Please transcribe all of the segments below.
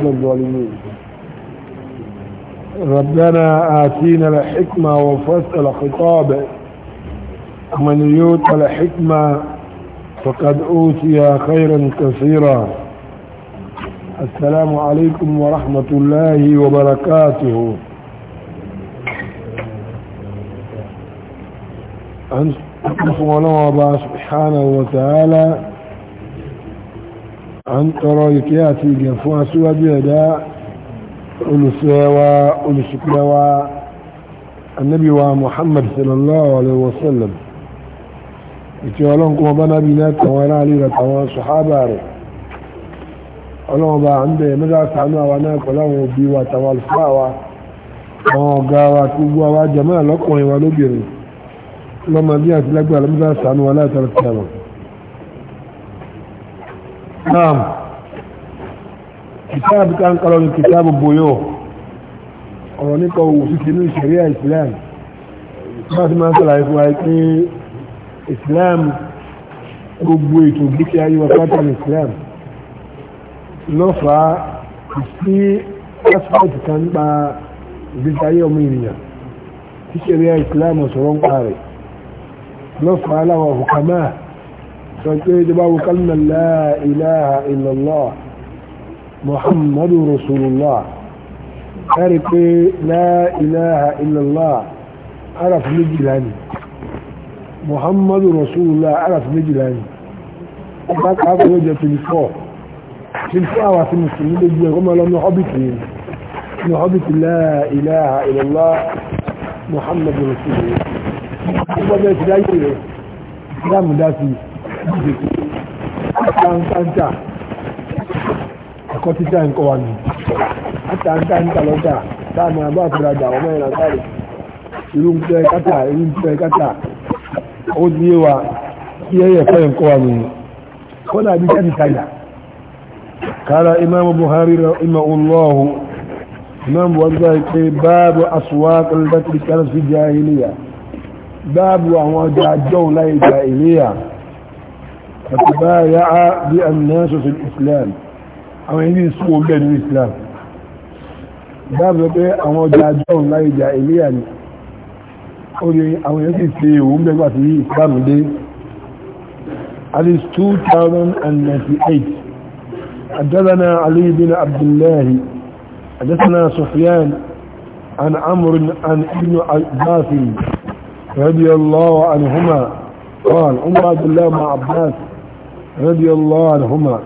من الظالمين ربنا آتينا الحكمة وفصل خطابه من يوت الحكمة فقد أوتي خيرا كثيرا السلام عليكم ورحمة الله وبركاته أنت الله سبحانه وتعالى a ń tọrọ ìkẹ́ àti ìgẹ̀ fún aṣíwájú ẹ̀dá olùsẹ́wà olùsùpẹ́wà annabiwa muhammad sallallahu alaihi wasallam ìkẹ́ ọlọ́n kuma bá nábi náà tàwọn aráàlú rẹ̀ tàwọn sùhábà rẹ̀ ọlọ́wọ́ bá ń bẹ̀rẹ̀ mẹ́ta sànú àwa náà pẹ̀lú àwọn òbí wa tàwọn tó gbọ́ wa lọ́kùnrin wa lóbìnrin lọ́mọ àti lágbàá lọ́mọdé sànú láti àlùfáà نعم كتاب كان قالوا كتاب البيوع ọ̀rọ̀níkọ̀ òsìsìnú ìṣẹ̀ríà islam bá ti máa ń sọ́lá ìfún àìkí islam gbogbo ètò gbíkẹ́ ayíwa pátán islam lọ́fà sí aspect kan nípa ìgbésí ayé ọmọ ènìyàn tí ṣẹ̀ríà islam sọ̀rọ̀ ń parẹ̀ lọ́fà sọ̀tẹ́ ìjọba kalmar la ilaha illallah muhammadu rasulullah ẹ̀rí pé la ilaha illallah araf méjìlá ni muhammadu rasulullah araf méjìlá ni ọba kàákọ̀ ló jẹ́ 24 24 hours ni mùsùlùmí lójú ẹ̀kọ́ mọ́ lọ́nà hobbit ni ní hobbit la ilaha illallah muhammadu ọgbọ́n bẹ́ẹ̀ ti dáyé rẹ̀ islam dá gbèdéke àtàǹtàǹtà ẹ̀kọ́ títà nǹkan wà nù àtàǹtàǹtà lọ́jà táàmì àbá àfúrajà ọmọ ìrìn àtàrí irú ń pẹ́ kátà irú ń pẹ́ kátà ó ti yé wa kí ẹ̀yẹ̀ fẹ́ nǹkan wà nù kọ́nà bí kẹ́ni kàyà kára imam buhari rahimah ullahu imam buhari sọ pé báàbù aswaq al-bakri kanat fi jahiliya báàbù àwọn ọjà àjọ́ láì jahiliya فتبايع بالناس في الإسلام أو يجي سوء بين الإسلام dábẹ̀ pé àwọn ọjà john láì jà ilé àní orí àwọn èèyàn sì fi òun bẹ́gbà sí islam dé alice 2098 àjọ́lánà alìbìnà abdullahi àjọ́sánà sufyan an amurin an ibn abbasin radiyallahu anhuma قال عمر عبد الله مع عباس رضي الله عنهما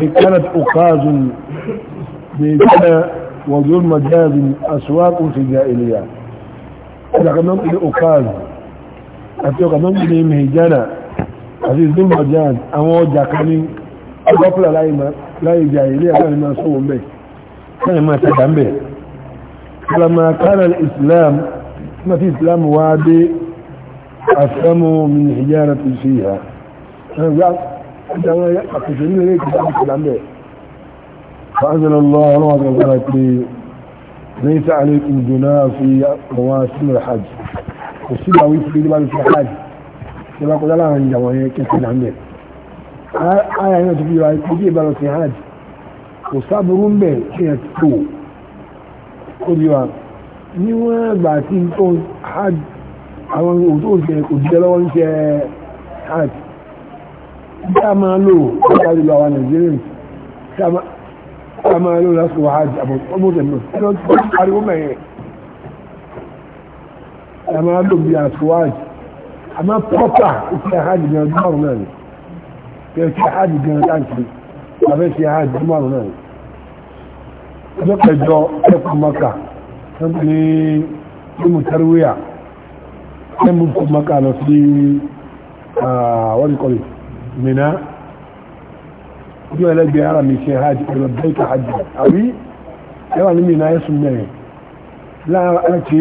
كانت أقاز بيتنا وظلم جاد أسواق في جائلية لقدم إلى أقاز أتقدم إلى مهجانا أتي ظلم جاد أموجا كاني أقفل لا جائلية كان ما سوء به كان ما تدعم به لما كان الإسلام ما في إسلام وادي أسلموا من حجارة فيها ẹ̀rọ ìjọba àpèjì ní eré ìjọba àti ìlànà فأنزل الله روض وقالت لي ليس عليكم جناح في مواسم الحج وسيبا ويسكي لما في الحج ìjọba kò dára àwọn ìjàwọ̀ yẹn kẹsì náà mẹ́ ara yẹn tó fi ra ikú bí ìbára sí hajj kò sábúrú mẹ́ kí ẹ ti tó ó bí wa níwọ̀n gbà tí tó hajj àwọn òtó òṣèlú kò jẹ́ lọ́wọ́ ń ṣe hajj tí a máa lò nípa ìlú àwọn Nigerians tí a máa lò lásìkò hajj àbọ̀mọ́sẹ̀mọ́ tí wọ́n ti pariwo mẹ́yẹn a máa lò bí àsìkò hajj a máa pọ́pà ìfẹ́ hajj gan ọdún márùn náà ni ìfẹ́ hajj gan láǹkì àfẹ́ ti hajj náà ni ọjọ́ kẹjọ ẹkùn maka ní ìmú tarwiyya ẹmú maka lọ sí ah, wọ́n kọ́lẹ̀ mina ojú ẹlẹ́gbẹ̀ẹ́ ara mi ṣe hajj pẹ̀lú bẹ́ẹ̀kì hajj àbí ẹwà ní mina ẹ̀sùn mẹ́rin láàrín àti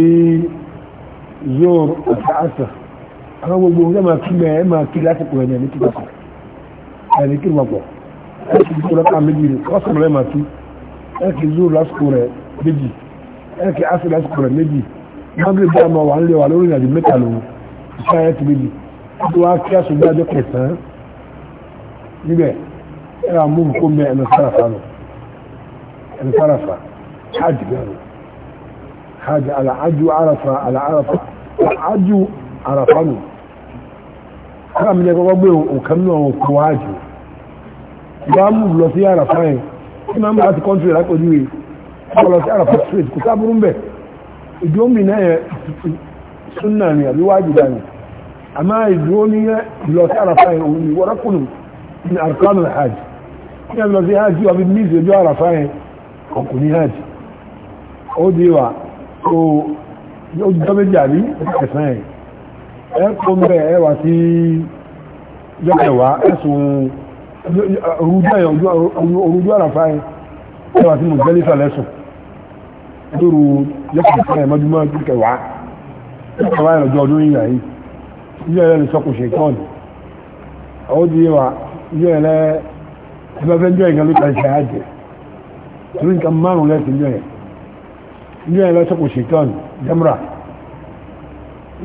zoro àti asa àwọn gbogbo ọjọ́ máa kí mẹ́ ẹ máa kí lásìkò ẹ̀yẹ ní kíkọ́ ẹ̀rí kí wọ́pọ̀ ẹ̀kì zoro ká méjì lọ́sọ̀rọ̀ rẹ̀ máa kí ẹ̀kì zoro lásìkò rẹ̀ méjì ẹ̀kì asa lásìkò rẹ̀ méjì magre bí a máa wà ń lé wa lórí ìrìnàjò mẹ́ta lòun ìṣáyẹ̀ ti méjì ó ti wá kí àṣùgbọ́n àjọ kẹsàn-án níbẹ̀ ẹ̀rọ amúhù kó mẹ́ ẹ̀mẹ́ sárafa lọ ẹ̀mẹ́ sárafa hajj bẹ̀rẹ̀ hajj alàájú arafa alàárafa alàájú arafa lọ ara mi lẹ́kọ́ gbé òkan náà wọn kó hajj bá mú lọ sí arafa yẹn kí máa ń bá ti kọ́ntì rẹ̀ lápẹ̀jú yìí kọ́ lọ sí arafa street kò sábúrú ń bẹ̀ ìdúró náà yẹn sunna ni àbí wájú dání àmọ́ ìdúró ní lọ sí arafa yẹn òun ni wọ́n rákùnrin من أركان الحاج يعني الذي هاجي وبالميز يجارة فاهم وكوني هاجي أودي و يقول ده بجالي كسان ẹkùn bẹ́ẹ̀ ẹwà sí jọ́kẹ̀wà ẹ̀sùn orújú àràfà ẹwà sí mọ̀jẹ́lẹ́sà lẹ́sùn lóru jọ́kẹ̀wà ẹ̀mọ́júmọ́ jọ́kẹ̀wà ẹ̀kọ̀wà ẹ̀rọ̀jọ́ ọdún yìí yìí yìí ẹ̀rẹ́ lè sọ́kùn ṣe kọ́ọ̀nù yọ ẹ̀ lẹ́ ẹgbẹ́ fẹ́ jọ ṣe àjẹ́ torí nǹkan márùn lẹ́sì jọ ẹ̀ jọ ẹ̀ lọ́sọ̀kù ṣetán jamra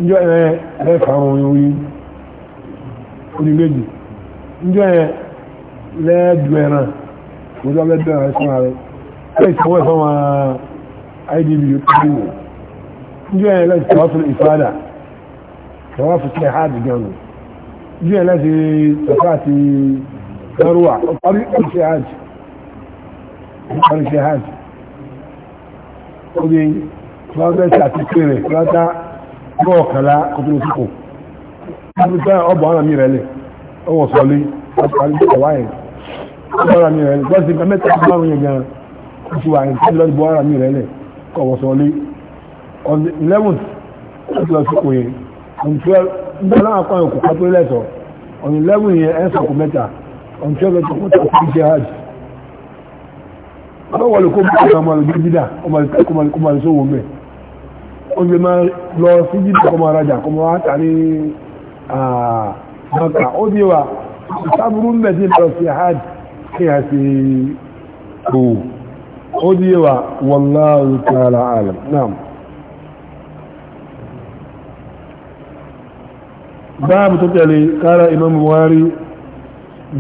jọ ẹ̀ lẹ́ fàrùn orí orí méjì jọ ẹ̀ lẹ́ du ẹran mo jọ lẹ́ du ẹran sọ́ra rẹ̀ lẹ́ ìsanwó ẹ̀fọ́ wọn idb yóò tó bí wọn jọ ẹ̀ lẹ́ fún ṣe hajj gan bí ẹ̀ láti tọ́fà àti lọ́rùwà ọkọ̀rí ọ̀ṣẹ́ hajj ọ̀ṣẹ́ hajj obi lọ́gbẹ́sì àti pèrè látá bọ́ ọ̀kàlá kòtò lóṣùkò nígbà ọbọ̀ ọ̀nà mi rẹ̀lẹ̀ ọwọ́ sọlé ọkọ̀rí ọwáyẹ̀ ọ̀nà mi rẹ̀lẹ̀ gbọ́sì mẹ́ta márùn yẹn gan kòtò àyẹ̀ tí lọ́dì bọ́ ọ̀nà mi rẹ̀lẹ̀ ọwọ́ sọlé 11 kòtò lóṣùkò yẹn ìgbàlá àpá òkú kápẹ́ lẹ́tọ̀ on 11 yẹn ẹ́sà kò mẹ́ta on 12 ẹ̀tọ̀ kò tó kí jẹ́ hajj ọmọ wọlé kó bá ọmọ lójú dídà ọmọ ìṣòwò mẹ́ o lè máa lọ sí dídà kọmọ arajà kọmọ áta ní àmàkà ó dé wa sábúrú mẹ́ tí lọ sí hajj kí a sí òwò ó dé wa wallahu ta'ala alam naam باب تتلي قال إمام مواري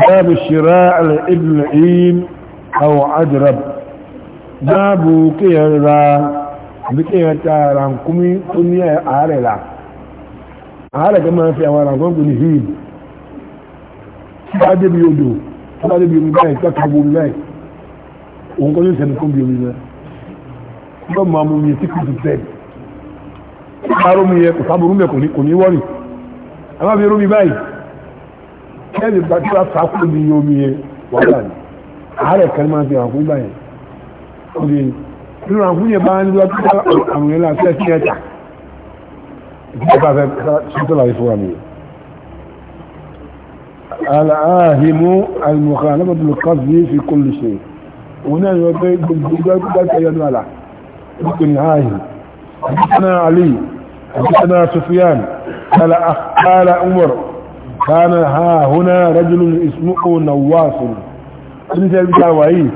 باب الشراء لابن عين أو عجرب باب كيرا بكيرا تاران كمي تنيا عارلا كما في أولا قوم تنهيد بعد بيودو بعد بيومي تكتبوا بلاي ونقول يسنكم بيومي بلاي ثم ما مميتك بتتلي قالوا ميكو صابروا ميكو نيكو àbá mi rómi báyìí kẹ́ẹ̀dì bá tí wàá fà kúrò ní omi yẹn wàhálà ni àárẹ̀ kan máa fi àkún báyìí ó di nínú àkún yẹn bá ń lọ tó àrùn yẹn láti ẹsẹ̀ ẹ̀ta ìdílé bá fẹ́ sọ́tọ̀ láti fún wa nìyẹn. العاهم المخالفة القصد في كل شيء هنا يبقى يدل على ممكن عاهم حدثنا علي حدثنا سفيان قال قال عمر كان ها هنا رجل اسمه نواس انت الجواي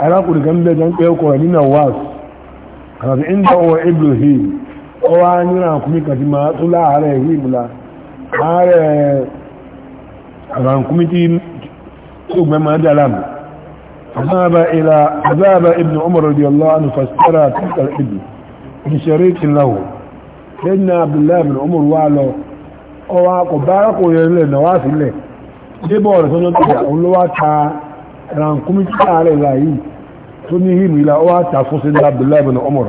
انا قلت جنب جنب كان يقول لي نواس قال عنده ابراهيم او اني راكم كما طلع عليه بلا قال راكم تي ثم ما دلم فذهب الى ذهب ابن عمر رضي الله عنه فاسترى تلك الابل بشريك له lẹ́yìn uh, abdullahi bin umar wà lọ ọwọ́ akọ̀ bára kò yẹ ilẹ̀ náà sílẹ̀ débọ̀ rẹ̀ sọ́jọ́ tó yà olówó ta rankumi tí a rẹ̀ là tó ní hìmù ilá ọwọ́ ta fún abdullahi umar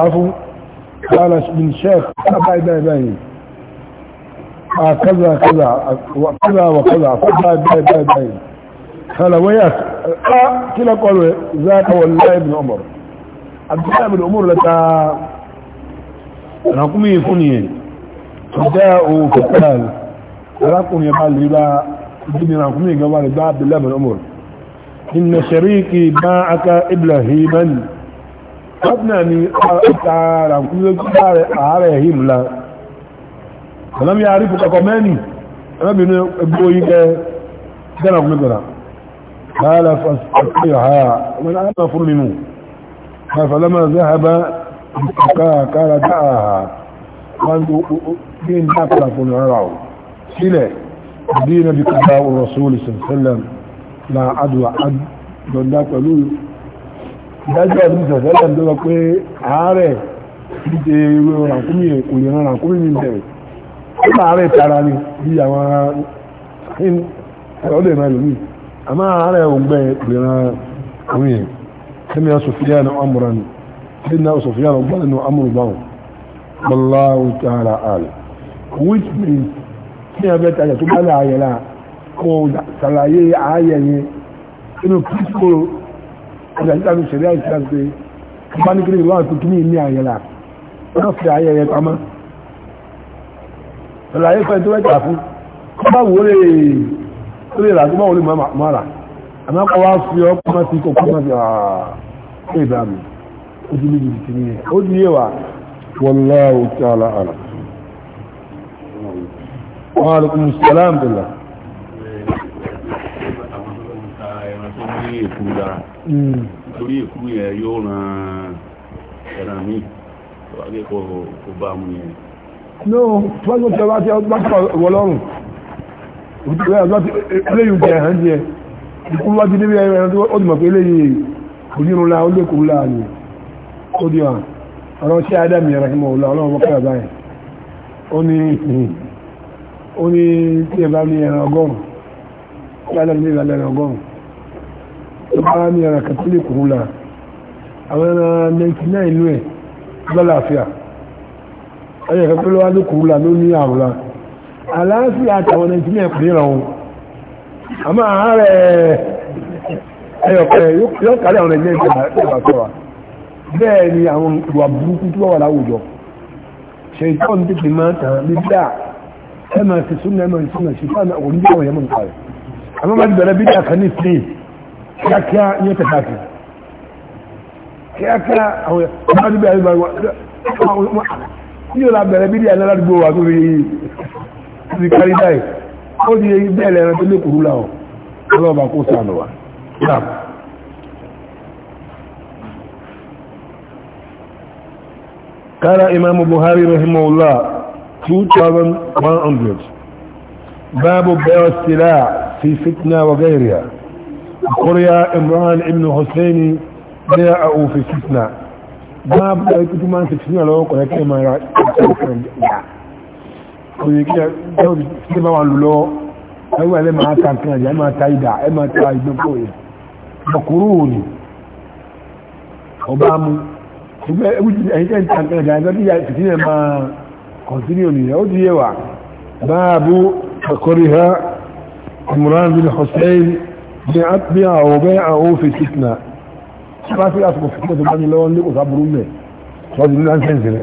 a قال من شيخ آه، باي باي باي آه، كذا كذا وكذا وكذا باي باي باي باي قال وياك آه كلا قالوا ذاك والله ابن عمر عبد الله بن عمر لتا رقمي يكوني فداء فقال رقم يقال لي لا ابن رقمي قال لي عبد الله بن عمر إن شريكي باعك إبلهيما ọ́pùnà ni ààrà kúrò ààrẹ yìí mìlá ọ̀lọ́mí àrífù kọ̀kọ̀ mẹ́ni ẹgbẹ̀rún ẹgbẹ̀ oyin kẹ gẹ́nà kúrò gẹ́nà báyàlá fàṣíyà ha wọ́n á máa fún nínú fàfàlọ́mà záhàbá ìkàkàrà dáa wọ́n rasulullah sallallahu alaihi wasallam la adwa adwa pẹ̀lú ìdájọ́ ọdún ìṣọ̀sẹ́lẹ̀ tó sọ pé ààrẹ ìdíje ewé rànkúmí kò lè ran rànkúmí mi bẹ̀rẹ̀ ó máa rẹ̀ tara ni bí àwọn ọdún ìmọ̀ ẹlòmí àmọ́ ààrẹ òǹgbẹ́ kò lè ran rànkúmí yẹn kẹ́mi ọ̀sọ̀fíà ní ọmọràn ni kí ní ọ̀sọ̀fíà ní ọgbọ́n nínú amúrùbáwọn Allahu ta'ala àlẹ́ which means kí ni abẹ́ tajà tó bá láàyè láà kó ṣàlàyé ààyè yẹn inú kíkó ọjà nígbà tó ṣẹlẹ̀ àìsíra pé bá ní kílè wà tuntun ní ilé àyẹ̀lá wọ́n fi ayẹyẹ pamọ́ ọ̀là ayé fẹ́ tó wẹ́jà fún kọ́ bá wò lè tó lè rà tó bá wò lè máa rà àmọ́ kọ́ wá fi ọ́ pamọ́ sí kò pamọ́ sí ààrẹ ìbá mi ó ti níbi ìtì nìyẹn ó ti yé wa wallahu ta'ala a'lam wa alaikumus salam billah Àwọn tó ń ta ẹran tó ní èkú dára. Hmm. torí èkú yẹn yóò ran ẹran mi akẹ́kọ̀ọ́ kò bá mú yẹn. no tọ́jú tẹ wá tí ó bá tọ̀ wọ lọ́rùn eléyìí jẹ ẹ̀hán jẹ ikú wá ti débi ẹran tó ó ti pé eléyìí kò ó lè kúrú la ó di ọ̀rọ̀ ṣé ádámù yẹn rahimu ọlọ́run bọ́ kẹ́yà ó ní tí ẹ bá ní ẹran ọgọ́rùn-ún tó bá ní ara kàtílì kúrú la àwọn ẹran 99 ìlú ẹ̀ lọ́láàfíà ẹ̀yẹ kẹfẹ́ lọ́wọ́ ní kúrú la ló ní àrùn la aláàfíà àtàwọn 99 pè ra wọn àmọ́ ààrẹ ẹyọkẹ yóò kárí àwọn ẹgbẹ́ ìgbà tó wa bẹ́ẹ̀ ni àwọn ìwà burúkú tó wà láwùjọ ṣètọ́n títí máa tàn bíbíà ẹ máa ti súnmọ́ ẹ máa ti súnmọ́ ṣùgbọ́n àwọn oníjọ́ àwọn ẹ̀mọ́ nǹkan rẹ̀ àmọ́ máa ti bẹ̀rẹ̀ bíbíà kan ní spain kíákíá a ẹ̀tẹ̀ káàkiri kíákíá àwọn ẹ̀rọ níbi àyè báyìí wọ́n ní ọ̀la bẹ̀rẹ̀ bí i àná ládùúgbò wà tó fi ti kárí báyìí ó di bẹ́ẹ̀lẹ̀ ẹran tó lè kúrú láwọ̀ ọlọ́ọ̀bà kó sànù wa náà قال إمام بخاري رحمه الله 2100 باب بيع السلاح في فتنة وغيرها قرية إمران ابن حسين جاء في فتنة ما بدأت ما في فتنة لو قرية كما يكون كما وعن له أيوة لما كان كان لما تايدا لما تايدا قوي مقروني وبام ẹ̀yìn tàn kẹrẹ انت ẹgbẹ́ ìfìtínẹ̀ máa kọ̀tíníò ní ó di yẹwà báàbú ẹ̀kọ́rí ha imran بن حسين بيعت بيعه وبيعه في ستنا ما في أصبح في بعد اللي هو اللي أصبروا ليه صوت من عن سنسل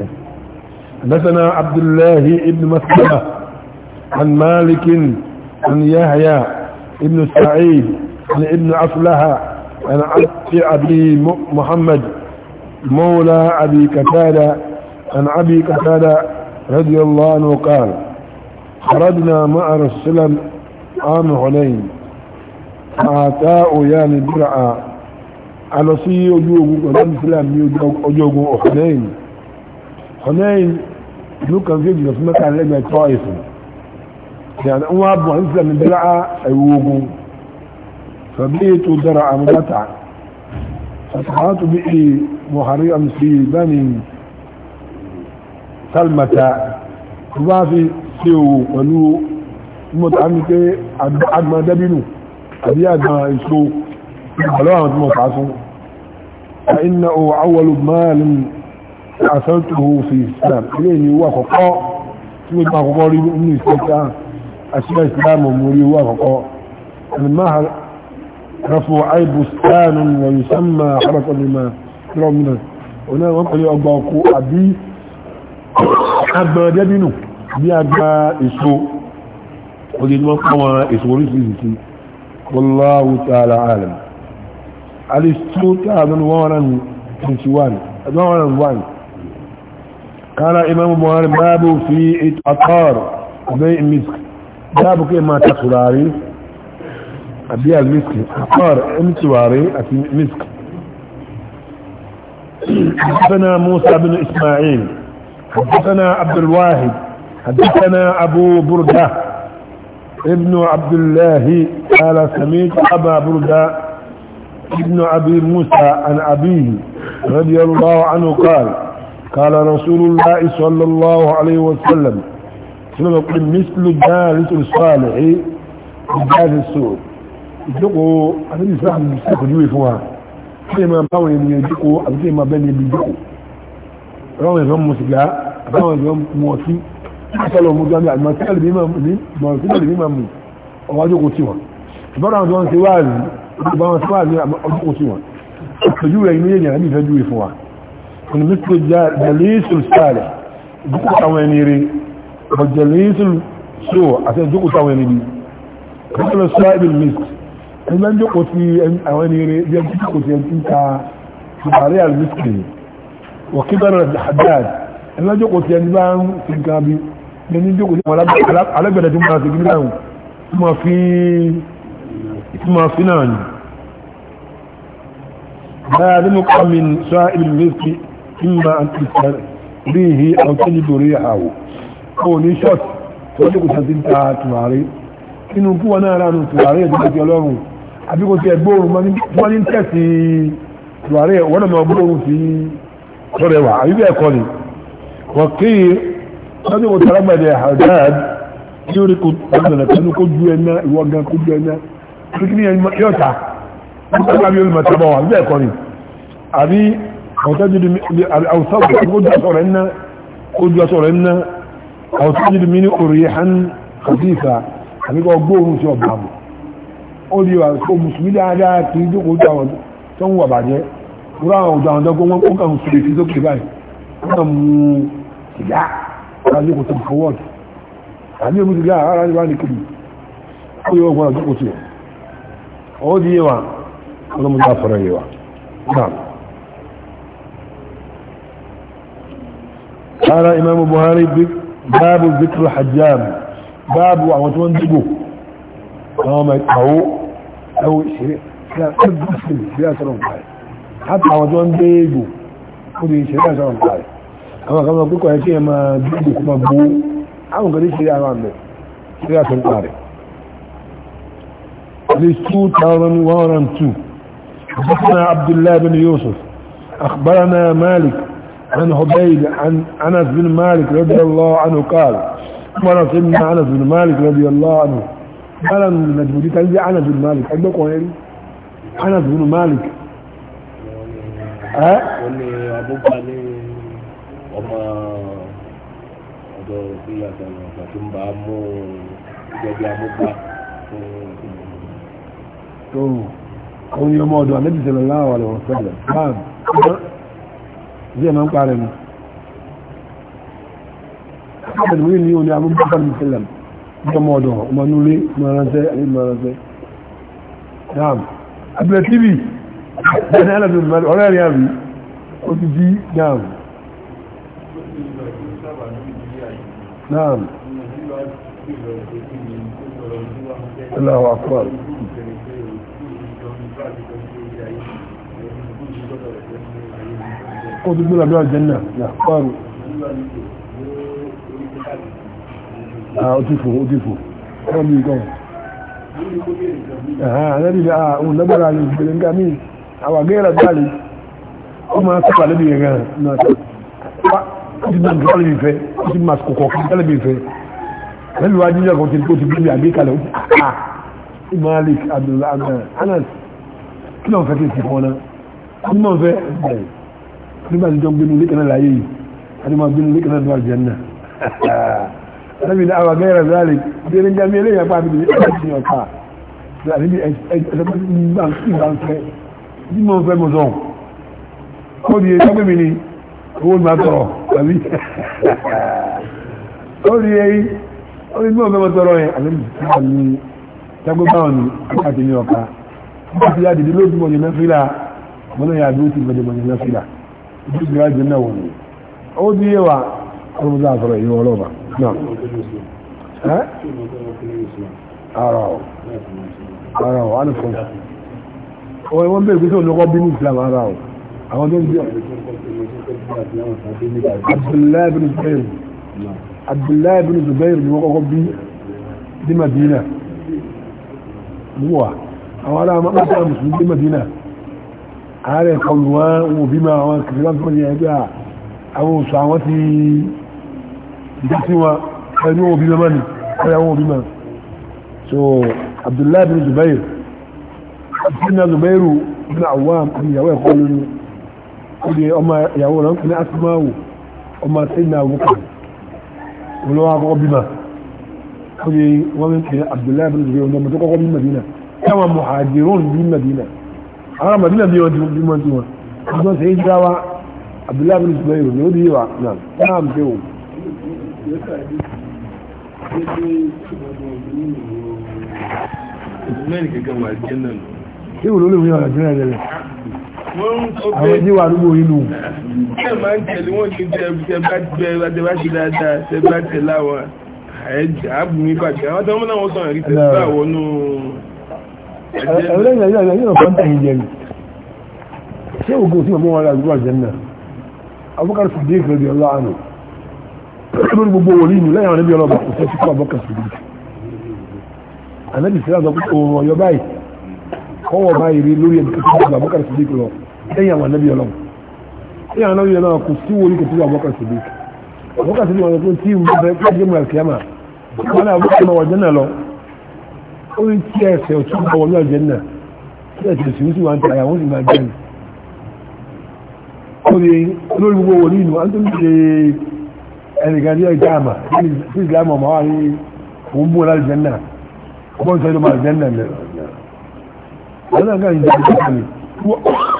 حدثنا عبد الله ابن مسلمة عن مالك عن يحيى ابن سعيد عن ابن أفلها عن أبي محمد مولى أبي كتادة عن أبي كتادة رضي الله عنه قال خرجنا مع رسول الله عام حنين àtà òyà ní bíra à alọ sí ojú ogun pẹ̀lú islam ní ojú ogun ọ̀hánẹ́yìn ọ̀hánẹ́yìn ìlú kan sí ìjìnà fún mẹ́ta lẹ́gbẹ̀ẹ́ tọ́ ẹ̀sùn ìyànà wọn bọ̀ ní islam ní bíra à ẹ̀wọ̀ ogun sọ̀bí ètò dára àmúgbàtà sọ̀tàwátò bí i buhari amsi bani salmata tó bá fi ṣe òwò pẹ̀lú mọ́tàmí pé agbọ̀n dẹ́bínú àbí àgbà èso ìgbàlọ́ àwọn tí mo ta fún a iná o àwọlù máàlùm àsántòhù fi islam ilé ni owó àkọ́kọ́ tí mo ta àkọ́kọ́ rí nínú ìsẹ́ta àṣírí islam mú rí owó àkọ́kọ́ المها رفع اي بستان ويسمى حركة لما يرى منه هنا وقال أبي àgbà dẹ́bìnù bí àgbà èso ojú ìjọba والله تعالى عالم الاستو تعالى ورن تنسوان ورن وان قال امام مهار باب في اطار بيع المسك باب كما تصراري ابيع المسك اطار امتواري اتي مسك حدثنا موسى بن اسماعيل حدثنا عبد الواحد حدثنا ابو برده ابن عبد الله قال سميت أبا برداء ابن أبي موسى عن أبيه رضي الله عنه قال قال رسول الله صلى الله عليه وسلم سلم يقول مثل الجالس الصالح الجالس السوء يجيقوا أنا بسرح من السيق كما باوي من يجيقوا أبكي ما بني بيجيقوا روي فهم مسجاء روي فهم موفي mọ́sálọ̀ ọmọdé àmì àmọ́sílẹ̀ bí máa mú ọwọ́ ajókòó tí wọn ìbára àwọn tó ń ṣe wá rí ìbá wọn síwá ní ọjọ́kòó tí wọn ìtọ́jú rẹ̀ inú èèyàn ní ìfẹ́jú ìfún wa kùnú mítò jẹ́lẹ́sùn sáàrẹ̀ ìjókòó àwọn ẹni rí ọ̀ jẹ́lẹ́sùn só àti ìjókòó àwọn ẹni rí ìjókòó sáàbìl mist ẹni máa ń jókòó ti àwọn ẹni rí bí ẹni jókòó ti ẹni ta ìbàrí àlùmísìkì wọ̀kíbẹ̀rẹ̀ àdáàd ẹni máa ń jókòó ti ẹni bá ń fi nǹkan ní ní jókòó sí alágbẹ̀dẹ tó máa segin láwọn tó máa fi tó máa fi náà ni báyà nínú kọ́mi sọ ìlúwẹ́sì tí ma ń tìsẹ̀ rí ihe ọ̀tẹ́lì lórí àwọ̀ kò ní ṣọ́ọ̀tì tó jókòó sí ta tùwárí nínú kí wọn náà ránu tùwárí ẹ̀ tó ti ọlọ́run àbí kò ti ẹgbóorun wọn ní tẹ̀sí tùwárí ẹ̀ wọ́n náà máa gbóorun sí lọ́rẹ̀wà àbí ni wọ́n kéè lọ́dún mo tẹ́lá gbẹ̀dẹ̀ àdáàd tí ó rí kò tẹ́lẹ̀ tẹ́lú kó ju ẹ̀nà ìwọ̀gán kó ju ẹ̀nà tó kí ní ẹni yóò ta nígbà tí a bí olùmọ̀ tẹ́lẹ̀ wà bẹ́ẹ̀ kọ́ ni àbí àwùsọ́jú mi ní orí hàn kàdífà àbí kọ́ gbóòrùn sí ọ̀bà mọ̀ ó di wà alájọ́kò tó fọwọ́d àbí omi ti gá ara rí wá ní kìrì ó yíò gbọ́nà jókò tí ó di yíwa ọlọ́mọdé afọ́rọ̀ yíwa náà ara imamu buhari báàbù zikr hajjam báàbù àwọn tó ń dìbò àwọn ọmọ ìkàwó ẹwọ ìṣeré sí àṣọ́rọ̀ nǹkan rẹ̀ àwọn kan máa kókò ẹ̀kí ẹ máa dúdú kó máa bó àwọn kan ní ṣe àwọn àmì ṣe àṣọ nípa rẹ̀ this 2102 حدثنا عبد الله بن يوسف أخبرنا مالك عن عبيد عن أنس بن مالك رضي الله عنه قال أمر سيدنا أنس بن مالك رضي الله عنه قال النجمودي تنزي أنس بن مالك أجبك وهيري أنس بن مالك ها؟ أه؟ ọmọ ọ̀dọ̀ òfin àtàwọn ọ̀gá tó ń bá mú gẹ́gẹ́ amúgbà fún tó àwọn ni ọmọ ọ̀dọ̀ àlébìsẹ lọláwà wà lọ́wọ́ ṣẹlẹ̀ báàm díẹ̀ máa ń parẹ́ ni ọmọdé wíì ní òní abúgbàfà ní ṣẹlẹ̀ ní ọmọ ọ̀dọ̀ ọmọ núlé mọ́ránṣẹ́ àní mọ́ránṣẹ́ báàm abúlé tv ọ̀rẹ́ rẹ̀ àbí ó ti di dáàmù نعم. Allahu akbar kó tó gbé lọ́dọ̀ jẹ́nà yàkọ́rù ó ti fò ó ti fò wọ́n bí gan ààrẹ́bí bá òun lọ́gbọ́ra ní ìgbẹ̀lẹ̀ ńgá ó máa sọ́pàá lẹ́bí ẹ̀rẹ́ náà ó ti máa kọ̀kọ̀ kí tẹ́lẹ̀bí ìfẹ́ lẹ́nu wájú yẹ kó ti kó ti bíbí àgbékalẹ̀ ó ti àhà Malik Abdullahi Anas kí ló ń fẹ́ kí n ti fọ́n náà kí ló ń fẹ́ bẹ́ẹ̀ nígbà tí jọ ń gbénu lékanáà láyé yìí àti máa gbénu lékanáà ní wàjú ẹ̀nà lẹ́bi ní àwọn gẹ́rẹ́ zálẹ̀ gbénu jẹ́mi eléyà pa àbíbi ẹ̀ẹ́dì ọ̀ka àbíbi ẹ̀ẹ́dì ọ̀ka owó ni máa tọrọ àbí ó rí ẹyí ó rí gbọ́n mẹ́mọ́ tọrọ yẹn àbí nígbà ní jágbó báwọn ni àti ní ọ̀ka nígbà tí adìdí ló dùn mọ̀jẹ̀ mẹ́fìlà mọ́nà yà dúró ti mọ̀jẹ̀ mọ̀jẹ̀ mẹ́fìlà ìdí ìgbà jẹ́ náà wọ̀nyí ó di yé wa ọlọ́mọdé àtọrọ ìwọ ọlọ́ba náà ara ọ̀ ara ọ̀ wọ́n bẹ̀rẹ̀ pé tí òun lọ́kọ́ bí ní ìsìlámù ara ọ̀ àwọn tó ń bí abdullahi bin zubair abdullahi bin zubair ni wọ́n kọ́kọ́ bí ní madina wà àwọn ará mọ́ta musulmi ní madina ààrẹ kọlu wọn wọ́n bí máa wọn kìrìlá tó ń yẹ ẹgbẹ́ àwọn òṣù àwọn ti dásí wọn ẹni wọ́n bí máa ní ẹni wọ́n bí máa so abdullahi bin zubair abdullahi bin zubair bin awam ìyàwó ẹ̀kọ́ lónìí kúrò ọmọ ìyàwó rẹ̀ ń pè ní asúmáwò ọmọ sẹ́yìn àwòkọ̀ olówó akọ́kọ́ bímọ kúrò wọ́n ń pè ní abdullahi bin zubair ọmọ tó kọ́kọ́ bí madina ẹwà muhajirun bí madina àwọn madina bí wọ́n ti bí wọ́n ti wọ́n ọjọ́ sẹ́yìn dáwà abdullahi bin zubair ni ó di wà rẹ̀ àwọn tí wà rúgbò inú ẹ máa ń tẹ̀lé wọ́n ti tẹ bá tẹ bá tẹ bá ṣe dáadáa tẹ bá tẹ láwọn àbùmí pàtàkì àwọn tọ́mọ́ náà wọ́n sọ̀rọ̀ rí tẹ̀lé bá wọnú ẹ̀rẹ́ ìyàyà yóò kọ́ntà yìí jẹ́rì ṣé ògùn tí mọ̀mọ́ wọn àgbà jẹ́nà Abubakar Siddiq rẹ̀ bí ọlá àánú lórí gbogbo wòlí ìlú lẹ́yìn àwọn ẹbí ọlọ́ba kò sẹ́ síkú Abubakar Siddiq ànábì sí àzọ pé òun ọ̀yọ́ báyìí kọ́wọ́ báyìí rí lórí ẹbí kẹsàn-án Abubakar Siddiq lọ lẹ́yìn àwọn ẹlẹ́bí ọlọ́run lẹ́yìn àwọn ẹlẹ́bí ọlọ́run kò sí wòlíì kò sí àbọ́kà síbí àbọ́kà síbí wọn pé tí mo bẹ pé jẹ́ mo ẹ̀kẹ́ mà wọn náà àbọ́kà máa wà jẹ́ náà lọ ó ní tí ẹsẹ̀ òtún bá wọn náà jẹ́ náà tí ẹsẹ̀ òsì wíṣì wọn tàyà wọn sì máa jẹ́ ni. ó ní olórí gbogbo wòlíì inú ṣe ẹnìkan ní ẹja àmà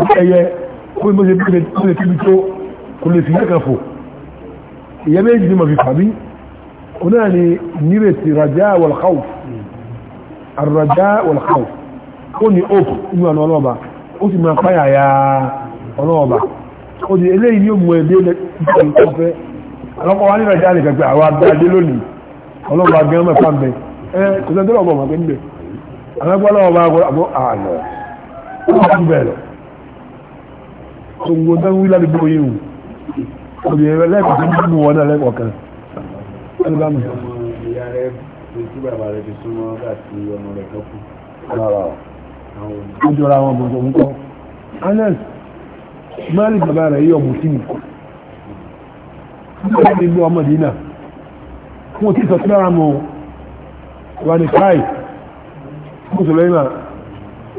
ẹyẹ kó ní mọ́sẹ̀ tó lè tíbi tó kò lè fi yẹ́kà fò ìyẹ́ méjì ní mọ̀fí fàbí o náà ni nírètí rajá wal-khawf ar-rajá wal-khawf ó ní hope inú àná ọlọ́ọ̀bá ó sì máa páyà ya ọlọ́ọ̀bá ó di eléyìí ní òmù ẹ̀dẹ́ ìpínlẹ̀ ọlọ́pàá wa ní rajá ní kẹgbẹ́ àwọn abẹ́adé ẹgbẹ́ ọlọ́ọ̀bá àgbọ̀ àlọ́ gbogbo tán wí láti gbogbo yìí obìnrin rẹ lẹ́kọ̀ọ́ tó ń mú wọn náà lẹ́kọ̀ọ́ kan ẹni bá mi sọ. ìyá rẹ anes mali bàbá rẹ yọ mùsùlùmí nígbà tí gbọ́ ọmọdé náà fún òtí sọ sílára mọ wà ní káì fún sọlẹ́yìn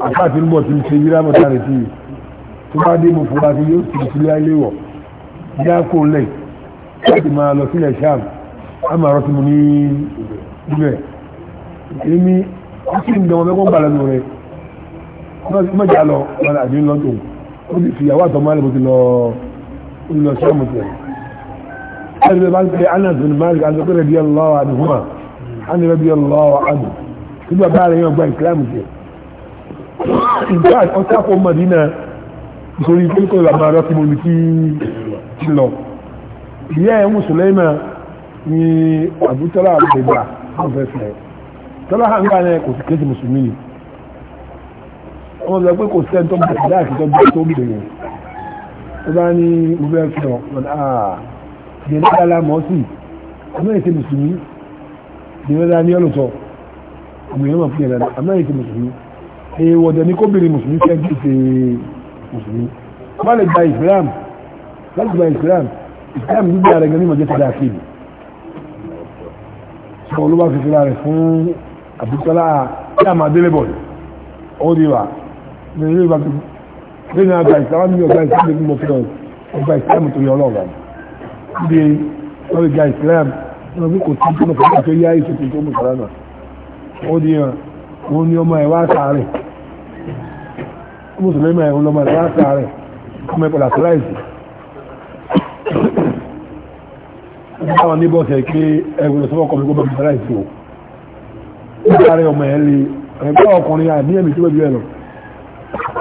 àkáàtì ń bọ̀ tí ń ṣe yíra mọ́ta rẹ̀ sí i tó bá dé mo fura sí yóò sì sílẹ̀ ilé wọ̀ yá kó lẹ̀ láti máa lọ sílẹ̀ sham a máa rọ́tí mo ní ibẹ̀ èmi ó sì ń dánwọ́ mẹ́kọ́ balẹ̀ nù rẹ̀ mẹ́jà lọ wọn àti ń lọ tó ó sì fi àwọn àtọ́mọ́ àlẹ́ bó ti lọ ń lọ sham tẹ̀ ẹni bẹ́ẹ̀ bá ń pẹ́ anas bin malik àti ọkọ̀ rẹ̀ bí ọlọ́wọ́ àdùnfúnmá àni rẹ̀ bí ọlọ́wọ́ àdùn nígbà bá rẹ̀ yàn gba ìkìlámù tẹ̀ in fact ọ̀sáfọ̀ Madina nítorí pé kò bàbá rẹ̀ ti bomi tí lọ ìyá ẹ̀ mùsùlẹ́mà ni àbútọ́lá àgbègbà wọ́n fẹ́ fẹ́ tọ́lá hàngá náà kò sì kéjì mùsùlùmí ni wọ́n sọ pé kò sẹ́ni tó bẹ̀rẹ̀ láti tó bẹ̀rẹ̀ tó bẹ̀rẹ̀ tó bá ní mo fẹ́ fẹ́ ọ wọn àà ní dáadáa mọ́ sí ọmọ ètè mùsùlùmí ní wọ́n ní ọlọ́sọ ah, ọmọ èèyàn mọ̀ fún mùsùlùmí ọba lè gba islam láti gba islam islam gbígbé ara gẹ́gẹ́ mọ̀jẹ́ tàdá àfihàn sọ olúwa fi fira rẹ̀ fún àbúkọ́lá tí a máa délé bọ̀ ó di wa ní ilé ìgbà tó ní àgbà ìsìlámù ní ọgbà ìsìlámù ní mo fi lọ ọgbà ìsìlámù tó yọ ọlọ́ọ̀gá ní ọgbà ìgbà ìsìlámù ní ọgbà kò tí tó mọ̀ fún ọgbà tó yá ìṣètò tó mọ̀ sọ̀rọ̀ náà ó di wọn ni ọmọ ẹ̀ wá sáré mùsùlùmí ẹ̀hún lọ́mọ rẹ̀ wá sáré ọmọ ìpọ̀lá sọ́láìsì àwọn ní bọ́ọ̀sẹ̀ pé ẹgbẹ̀rẹ̀ sọ́wọ́ kọ̀ọ̀mí gbọ́bẹ̀ sọ́láìsì o sáré ọmọ ẹ̀ lè ẹgbẹ́ ọkùnrin àní ẹ̀mí tó bẹ̀bí ẹ̀ lọ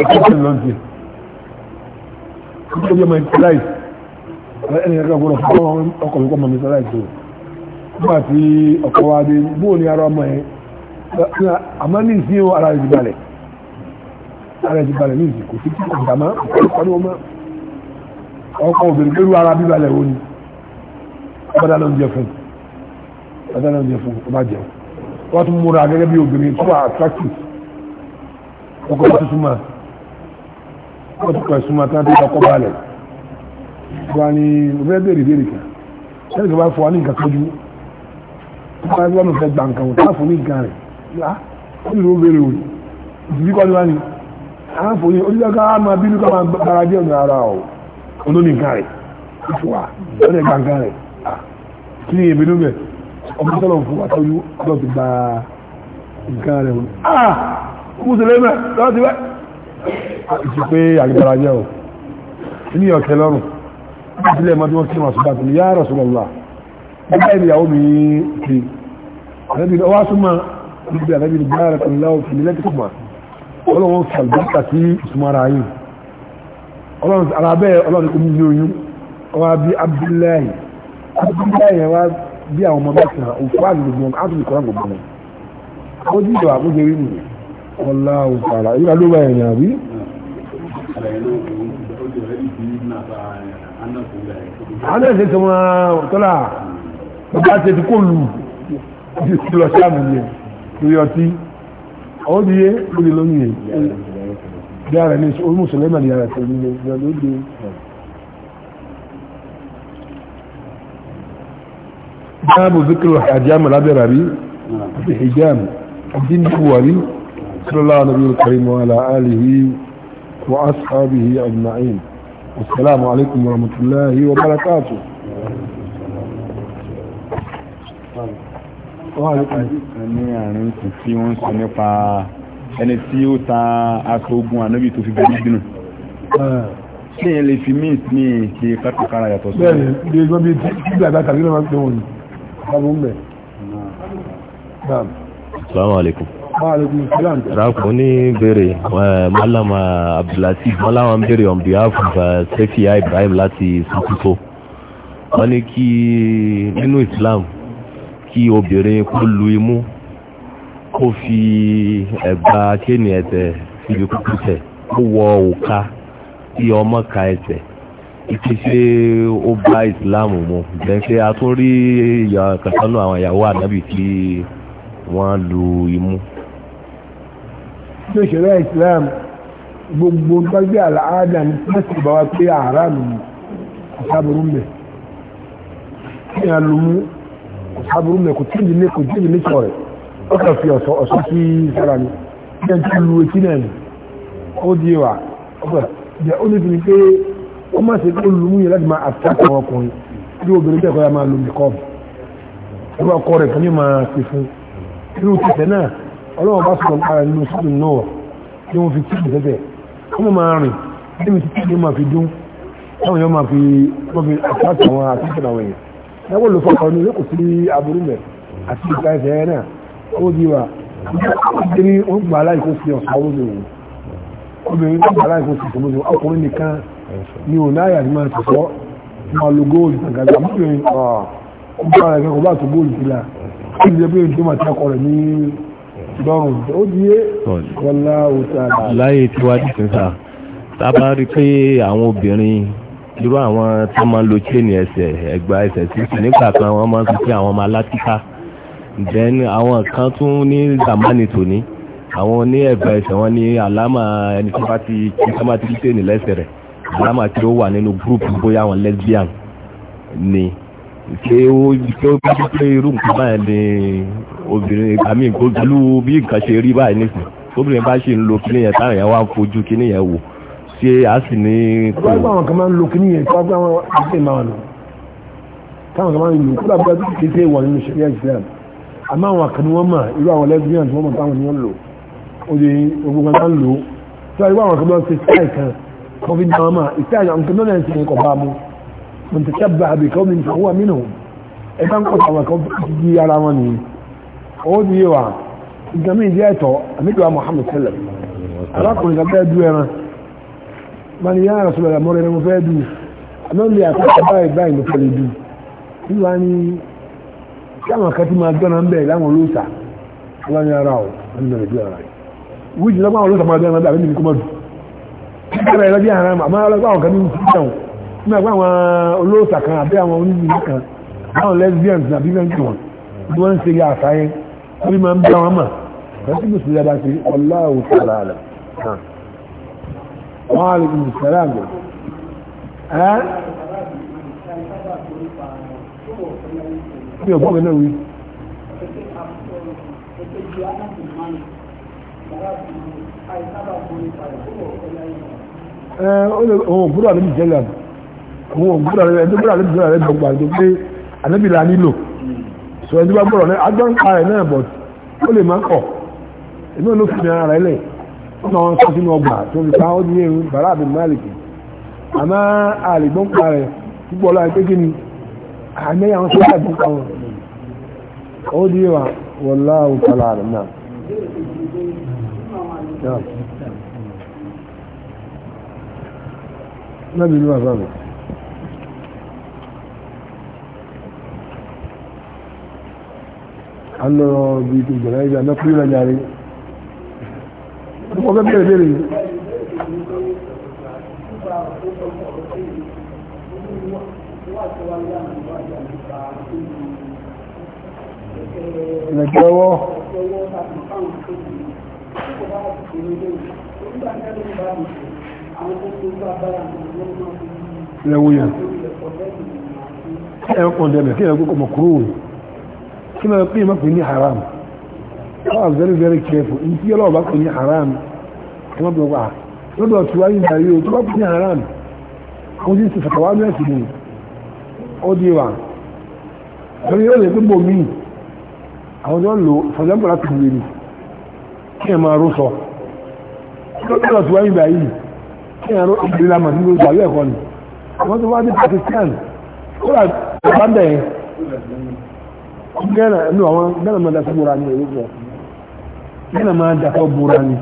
ọkùnrin lọ́ntì tó bí ọmọ ìpọ̀láìsì ẹni kẹ́kẹ́ gbọ́dọ̀ fún ọkọ̀mí gbọ́bẹ̀ sọ́láìsì o nígbà tí ọkọ̀ wa dé bóò ní ara ọmọ ẹ̀ àmọ́ ní ìsìn ara ìdìbàlẹ̀ ara ti balẹ̀ ní ìsìnkú sí kí ọ̀gá máa ọ̀pọ̀ ní ọmọ ọkọ̀ obìnrin lórí ara bíbalẹ̀ wo ni ọbádá lọ jẹ fún ọbádá lọ jẹ fún ọba jẹun wọ́n tún múra gẹ́gẹ́ bí obìnrin tó wà attractive ọkọ̀ tó súnmọ́ wọ́n tún kọ̀ súnmọ́ tán tó ọkọ̀ balẹ̀ wọ́n ni mo fẹ́ bèèrè bèèrè kan sẹ́ni kí wọ́n fọ́ ní nǹkan tójú wọ́n fẹ́ gbà nǹkan wọ́n ah, tá àáfò yẹn oníjọ́gá á máa bínú ká máa bára jẹ́ ọ̀nà ara ọ̀ olómi nǹkan rẹ̀ fún wa lọ́dẹ̀ gba nǹkan rẹ̀ kí ni èmi lóbẹ̀ ọmọ sọ́lọ̀ fún wa tọ́jú ọlọ́ ti gba nǹkan rẹ̀ wọn. ah mùsùlùmí lọ́wọ́ ti wẹ́. ìsì pé àgbàrá jẹ́ o ní ọ̀kẹ́ lọ́rùn ìdílé mọ́tí wọ́n kí wọ́n sọ́gbà tó yá rọ̀ sọ́gbà lọ́wọ́ nígbà ìyàwó mi ti àlẹ́bí wá súnmọ́ níbi àlẹ́bí gbára kan láwọ̀ fìlẹ́tìkùmọ̀ ọlọ́run sàgbàtà sí ìsúnmọ́ra yìí ọlọ́run arábẹ́ ọlọ́run kò ní oyún ọwá bí abdullahi abdullahi wá bí àwọn ọmọ mẹ́sàn òfúwà gbogbo ọmọ àti ìkọ́rọ̀ gbogbo ọmọ ó jí ìjọba àkójọ rí nù ọlá òfàrà ìrà ló wà ẹ̀yìn àrí anẹ́sẹ̀ tó máa tọ́lá bàbá àti ẹ̀dínkò lù lọ sí àmì yẹn ọdíyé lórí lónìí yàrá ní orí mùsùlùmí ni yàrá tẹ̀lé ní ìgbà lóde báàbù zikiru hajjam alábẹ́ràrí àti hijjam àti buwari sallallahu alaihi wa sallam wa ala alihi wa ashabihi ajma'in assalamu alaikum wa rahmatullahi wa barakatuh ní àárín kù tí wọ́n sọ nípa ẹni tí ó ta aṣọ ogun ànábì tó fi gbẹ̀rẹ̀ dínú eh. ṣe yẹn lè fi mint ní ṣe kátàkárà yàtọ̀ sí bẹ́ẹ̀ ni gbogbo bí ìgbà àgbà tàbí lọ́wọ́ pé wọ́n ní Assalamu alaikum. Wa alaikum salam. Rakun ni bere Malama Abdulatif Malawan bere on behalf of eh, Sefiya Ibrahim láti Sokoto. Wọ́n ní kí nínú Islam kí obìnrin kó lu imú kó fi ẹ̀gbà kéènì ẹ̀tẹ̀ síbi kúkú tẹ̀ kó wọ òka kí ọmọ ka ẹsẹ̀ ìfi ṣe ó bá ìsìláàmù mu bẹ́ẹ̀ a tún rí kàtánù àwọn ìyàwó ànábì kí wọ́n lu imú. ṣé ìṣẹ̀lẹ̀ ìsìláàmù gbogbo gbàgbé àlàáda ní mẹ́sì bá wa pé àárá mi kò sábà mẹ́ kí ni a lu mú kò sábúrú mẹ́ kò tíjì ní kò tíjì ní kọ̀ rẹ̀ ó kà fi ọ̀sọ́ ọ̀sọ́ sí sára ni bí ẹn tó etí náà ni ó di wa ọ̀pẹ̀ jẹ́ ó ní fi ni pé ó má ṣe kó lu mú yẹn láti máa àtàkùn ọkùnrin bí obìnrin bẹ́ẹ̀ ya máa lu nìkọ́ọ̀bù irú ọkọ rẹ̀ kan ní máa pè fún irú tẹ̀tẹ̀ náà ọlọ́run bá sọ̀rọ̀ ara nínú sọ́dún náà tí wọ́n fi tíjì tẹ́tẹ̀ ó máa rìn níbi títí ní náwó ló fọkàn ní yóò kò sí aburú mẹ àti ìgbà ẹsẹ̀ náà ó di wa obìnrin ó gbà aláìkó fi ọ̀sán olómi òun obìnrin ó gbà aláìkó fi ọ̀sán olómi òun ọkùnrin nìkan ni ò náà yàrá máa tẹ̀sọ́ máa lo góòlù gàgàgà mọ́bìnrin ó bá rẹ̀ kẹ́kọ̀ọ́ bá tó góòlù sí la ó ti jẹ́ pé tó máa tẹ́kọ̀ọ́ rẹ̀ ní dọ́rùn ó di yé wọlá òtà láyé tí wájú sí sá tá a bá rí pé àwọn obìnrin irú àwọn tó máa ń lo chain ẹsẹ̀ ẹ̀gbà ẹsẹ̀ sísè nígbà kan wọ́n máa ń sọ pé àwọn ọmọ alátìká then àwọn kan tún ní zamani tòní àwọn ní ẹ̀gbà ẹsẹ̀ wọn ní àlámà ẹni tó bá ti kí tó bá ti kí chain lẹ́sẹ̀ rẹ̀ àlámà tí ó wà nínú gúrùpù bóyá àwọn lesbian ni ṣé ó ṣé ó bí pé irú nǹkan báyẹn ni obìnrin àmì ìgbójú bí nǹkan ṣe rí báyìí nìkan tóbìnrin bá ṣì ń lo kíní yẹn táwọn yẹn wá fojú kíní yẹn wò tí a sì ní kò. ọba àgbà àwọn kan máa ń lo kíní yẹn kó àgbà àwọn àgbà máa lò táwọn kan máa ń lò kó dàbí àti kété wà nínú sẹ́ríà ìsìlẹ̀m àmọ́ àwọn kan ni wọ́n mà irú àwọn lesbian tí wọ́n mọ̀ táwọn ni wọ́n lò ó di ogun kan máa ń lò tí wọ́n irú àwọn kan máa ń ṣe style kan kan fi dáwọn mà style àwọn kan náà ń ṣe kọ̀ bá mu mo ti tẹ́ mani yá àrùn sọ̀rọ̀ àmọ́ rẹ̀ ni mo fẹ́ dù àmọ́ mi àkókò báyìí báyìí mo fẹ́lẹ̀ dù bí wàá ní kí àwọn akẹ́tù máa gbọ́nà ń bẹ̀ láwọn olóòtà wọ́n ní ara ọ̀ wọ́n ní bẹ̀rẹ̀ bí ara yìí wíjì lọ́gbọ́n àwọn olóòtà máa gbọ́nà ń bẹ̀ àbí mi kọ́ mọ́ dù kíkẹ́rẹ́ ẹ̀rọ bí ara àmọ́ ọlọ́gbọ́n àwọn kan ní ìfúnṣẹ́wọ̀n nígbà pé àwọn olóòtà kan àbí àwọn oníjìnlẹ̀ kan àwọn lesbians àbí mẹ́jọ̀wọ̀n bí wọ́n ń ṣe Malik bin Salam rẹ̀. Ẹ́ bí ọgbọ́n mi náà wí. Ohun òbúrò àlébì jẹ́lẹ̀ àbù. Ohun òbúrò àlébì ẹni tó búrò àlébì jẹ́lẹ̀ àbù gbà tó pé àlébì la nílò. Sọ ẹni tó bá gbọ́rọ̀ náà, agbọ́n pa ẹ̀ náà bọ̀ ó lè máa kọ̀. Èmi ò ló fi ara rẹ̀ lẹ̀ náà ń sọ sínú ọgbà tó fi pa ó ní ẹrù bàrá àbí máàlìkì àmá àlìgbọ́n pa rẹ̀ púpọ̀ láì pé kí ni àmì àwọn sọ láì púpọ̀ wọn ó di wa wọlá òkàlà rẹ̀ náà Nabi ni wa sáàmù. An lọ́rọ̀ bí i tó jẹ̀rẹ̀ ìjà náà kúrò náà wọ́n fẹ́ bẹ̀rẹ̀ bẹ̀rẹ̀ yìí. ìrẹ̀jẹ̀wọ́ ìrẹ̀wòyàn ẹ̀rọ pọ̀ndẹ̀bẹ̀ kí ẹ̀rọ kọ́kọ́ kúrò kí ẹ̀rọ pé ní haram. I very very careful. Ìtí ọlọ́ọ̀bá kò ní haram wọ́n bẹ̀ wà lọ́dọ̀ tí wáyé ìgbà yóò tó wọ́n pín àrán ó sì ti fàtàwà mẹ́sì ni ó di wà lórí ó lè pín bò míì àwọn tó ń lò fọ̀lẹ́mù láti wù ní kí ẹ máa ró sọ lọ́dọ̀ tí wáyé ìgbà yìí kí ẹ ró ìgbè lamọ̀ sí lórí ìgbàlú ẹ̀kọ́ ni wọ́n tó wá dé Pakistan ó rà bàbá bẹ̀ gánà ní àwọn gánà máa dàtọ́ búra ní èrò gánà máa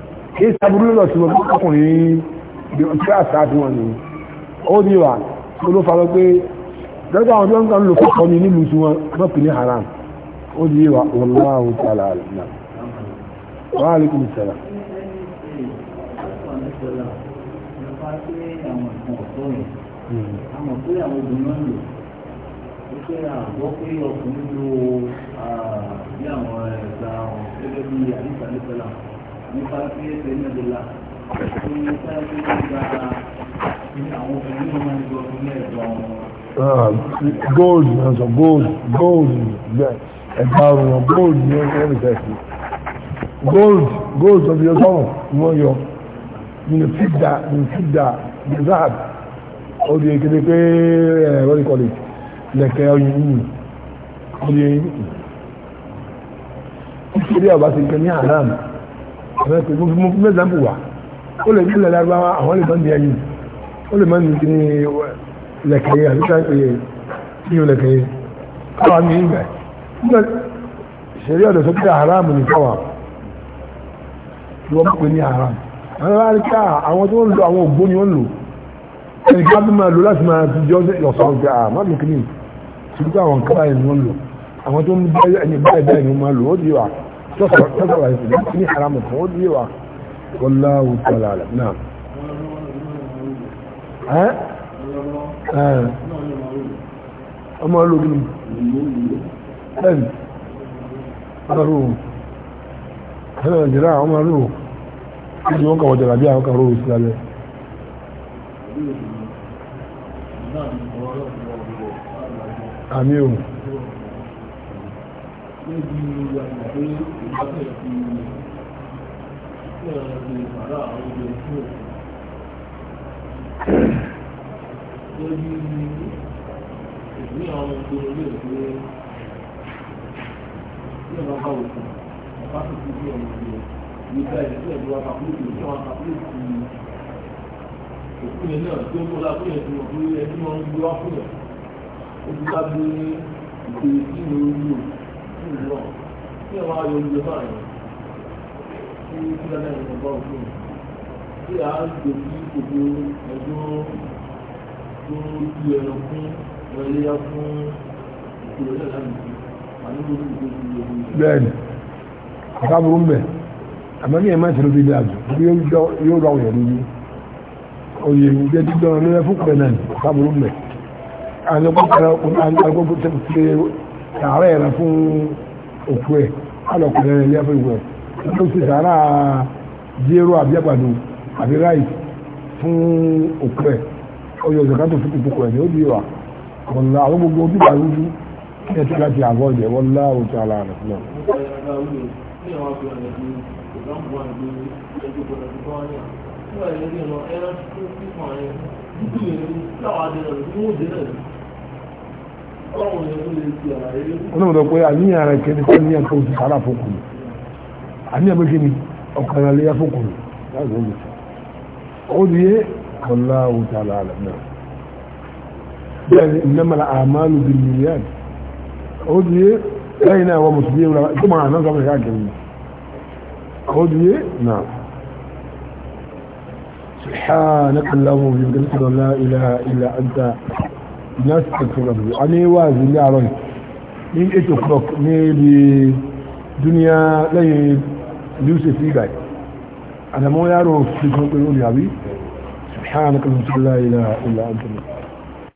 kí sábúrú lọ sí wọn ọkùnrin tí a sáà tí wọn ni ó ní wà tó ló fa lọ pé dọ́gbà àwọn tó ń kan lò kọ́kọ́ ni nílùú tí wọn mọ́ pè ní haram ó ní wà wallahu ta'ala àlùmá wa alaikum salaam. àmọ̀ hmm. pé àwọn obìnrin ń lò ó pé àgbọ́ pé ọkùnrin lo bí àwọn ẹ̀gbà wọn gẹ́gẹ́ bí àdìsá nípẹ́lá wọn nípa sí ẹsẹ̀ ní ẹ̀dọ́là tó ní sáré tó ti gba àwọn obìnrin náà máa ń jọ ọdún ní ẹ̀dọ́ àwọn. gold ni ọsọ gold gold ẹgbà ọrùn gold ni ẹni kẹsì gold gold ọbí ọsọrùn ni wọn yọ nínú fídà nínú fídà nínú zahab ó di ekele pé ẹ wọ́n kọ́ lè lẹ̀kẹ́ ọyún yìí ó di eyín nítorí àbá ti gbẹ ní àdáàmù ẹ̀rẹ́pẹ̀ mo fún mẹ́sàmpù wà ó lè nílẹ̀ lárúbáwá àwọn lè mọ́ni ẹyìn ó lè mọ́ni kí ní lẹ̀kẹ̀yẹ àbíkà ẹ̀yẹ kí ní lẹ̀kẹ̀yẹ káwa ní ìgbà ṣẹ̀rí ọ̀dọ̀ sọ pé ní káwa wọ́n pè ní haram ni wọ́n lò ẹni ká bí máa lò láti máa fi jọ ọ̀sán ọ̀gá àmàlù kìíní ṣùgbọ́n ni wọ́n lò àwọn تصور هذه دي حرام الفوض دي واقع والله تعالى نعم ها ها اما قالوا مين انت عمرو هذا الجراع عمرو اللي وقع وجلابيه وقع روح اسلامي níbi ìwàlẹ̀ pé ìgbàgbẹ́ ti ṣe ìpàdà àwọn ọmọ ẹ̀kọ́ lórí ìpín àwọn ọmọ ilé ìwé tí ọ̀nà bá ọ̀pá tó ti di ọ̀nà ìwé nígbà ìlú ẹ̀dùn wa kàkúrò tí wọ́n kàkúrò sí òkú yẹn náà tí ó mú lápúyẹ̀ tí wọ́n fi náà a gbè kí gbogbo ẹjọ́ tó di ẹran fún ẹlẹ́yà fún ìpìlẹ̀ náà láti fi àní lórí ìgbésí ìgbésí ìgbésí. bẹ́ẹ̀ni àbábúrú ń bẹ àmọ́ kí ẹ má ṣe lórí bí yóò lọ àwọn ẹ̀rú oyè ìgbé dídán lórí ẹfún pẹ̀lú náà àbábúrú ń bẹ sàárà ẹ̀rẹ̀ fún òkú ẹ̀ alọ̀kùnrin rẹ̀ lẹ́fẹ̀ ìwẹ̀ ló ti sàárà jéró abi àgbàdo abi ráì fún òkú ẹ̀ ọyọ zakato fún ìpòkò ẹ̀ ní wa ọ̀nà àwọn gbogbo ojú bá rújú kí ẹ ti àbọ̀ ọ̀jẹ̀ wọ́n láwọ̀ tí a là rẹ̀ fún ọ. ọlọ́mọdé pé àníyàn ara ìkẹ́ni kọ́ níyàn tó ti sára fún kùnú àníyàn méjì ni ọ̀kan aléyà fún kùnú láti ọ̀gbìn ó di yé ọ̀la òtà àlàlẹ̀ náà bẹ́ẹ̀ ni ìnámàlà àmàlù bí mílíọ̀nù ó di yé lẹ́yìn náà wọ́n mùsùlùmí ìwúra tó máa náà sọ́kùnrin káàkiri ó سبحانك اللهم وبحمدك لا اله الا انت a ní wáàzí ní àárọ̀ ní 8 o'clock ní ibi dúníà lẹ́yìn lúṣẹ̀ sí ìgbà àdàmọ́ yàrá òfin kan pẹ̀lú ìyàwó subhanahu wa ta'ala ila ila antum